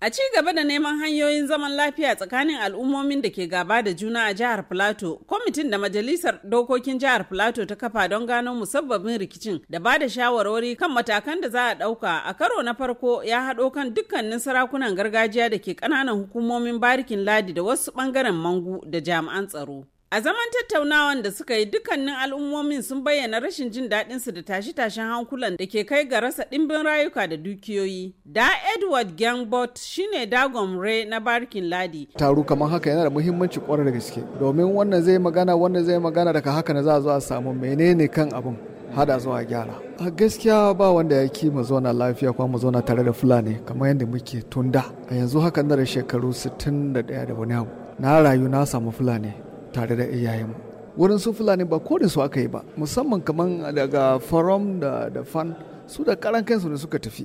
A ci gaba da neman hanyoyin zaman lafiya tsakanin al'ummomin da ke gaba da juna a jihar Filato, kwamitin da Majalisar Dokokin jihar Filato ta kafa don gano musabbabin rikicin da ba da shawarwari kan matakan da za a ɗauka a karo na farko ya haɗo kan dukkanin sarakunan gargajiya da ke ƙananan hukumomin barikin ladi da wasu ɓangaren mangu da jami'an tsaro. A zaman tattaunawan da suka yi dukkanin al'ummomin sun bayyana rashin jin daɗinsu da tashe-tashen hankulan da ke kai ga rasa ɗimbin rayuka da dukiyoyi. Da Edward Gangbot shine Dagon Ray na Barkin Ladi. Taro kamar haka yana da muhimmanci kwarai da gaske domin wannan zai magana wannan zai magana daga haka na za a zo a samu menene kan abin hada zuwa gyara. A gaskiya ba wanda ya ki mu zauna lafiya kuma mu zauna tare da Fulani kamar yadda muke tunda. A yanzu haka na da shekaru 61 da wani abu. Na rayu na samu Fulani tare da iyayenmu wurin su fulani ba korin su aka yi ba musamman kamar daga forum da, da fan su da karan kansu ne suka tafi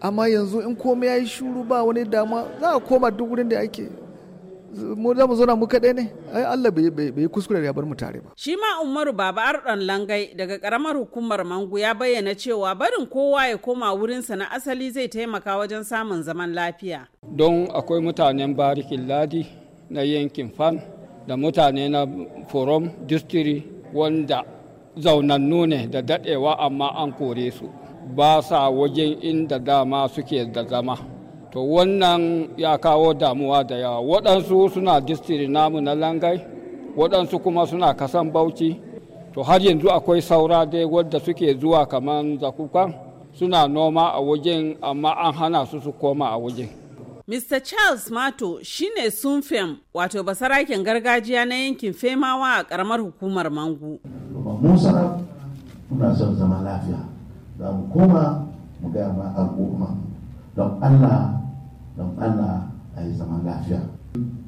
amma yanzu in komai ya yi shuru ba wani dama za a koma duk wurin da ake mu za mu zauna mu kaɗai ne ai Allah bai bai kuskure ya bar mu tare ba shi ma Umaru Baba Ardan Langai daga karamar hukumar Mangu ya bayyana cewa barin kowa ya koma wurin sa na asali zai taimaka wajen samun zaman lafiya don akwai mutanen barikin ladi na yankin fan da mutane na forum distiri wanda zaunannu ne da daɗewa amma an kore su ba sa wajen inda dama suke da zama to wannan ya kawo damuwa da yawa waɗansu suna distiri namu na langai waɗansu kuma suna kasan bauchi to har yanzu akwai saura dai wadda suke zuwa kamar zakukan suna noma a wajen amma an hana su su koma a wajen Mr. Charles Mato shine Sunfem wato basarakin gargajiya na yankin Femawa a karamar hukumar Mangu. Musa muna son zama lafiya, za mu koma mu gaya ma al'umma don Allah don Allah a yi zaman lafiya.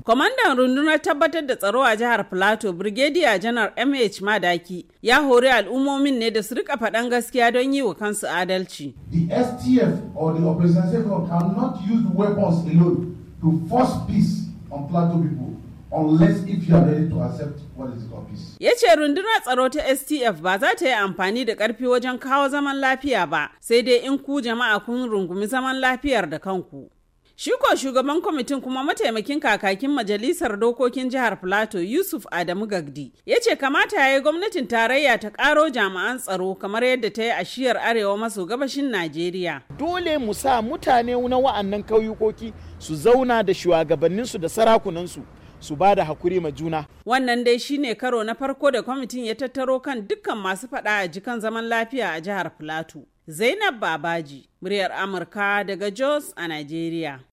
Kwamandan rundunar tabbatar da tsaro a jihar Plateau, birgediya Janar MH Madaki, ya hori al'ummomin ne da su rika faɗan gaskiya don yi wa kansu adalci. The STF or the Operation Safe cannot use weapons alone to force peace on Plateau people. unless if you are ready to accept what is Ya ce rundunar tsaro ta STF ba za ta yi amfani da ƙarfi wajen kawo zaman lafiya ba, sai dai in ku jama'a kun rungumi zaman lafiyar da kanku. Shi shugaban kwamitin kuma mataimakin kakakin majalisar dokokin jihar Plateau Yusuf Adamu Gagdi ya ce kamata ya yi gwamnatin tarayya ta karo jami'an tsaro kamar yadda ta yi a shiyar arewa maso gabashin Najeriya. Dole mu sa mutane na wa'annan kauyukoki su zauna da shugabanninsu da sarakunansu. su ba da hakuri ma juna. Wannan dai shine karo na farko da kwamitin ya tattaro kan dukkan masu faɗa a jikan zaman lafiya a jihar Filato. Zainab Babaji, muryar Amurka daga Jos a Najeriya.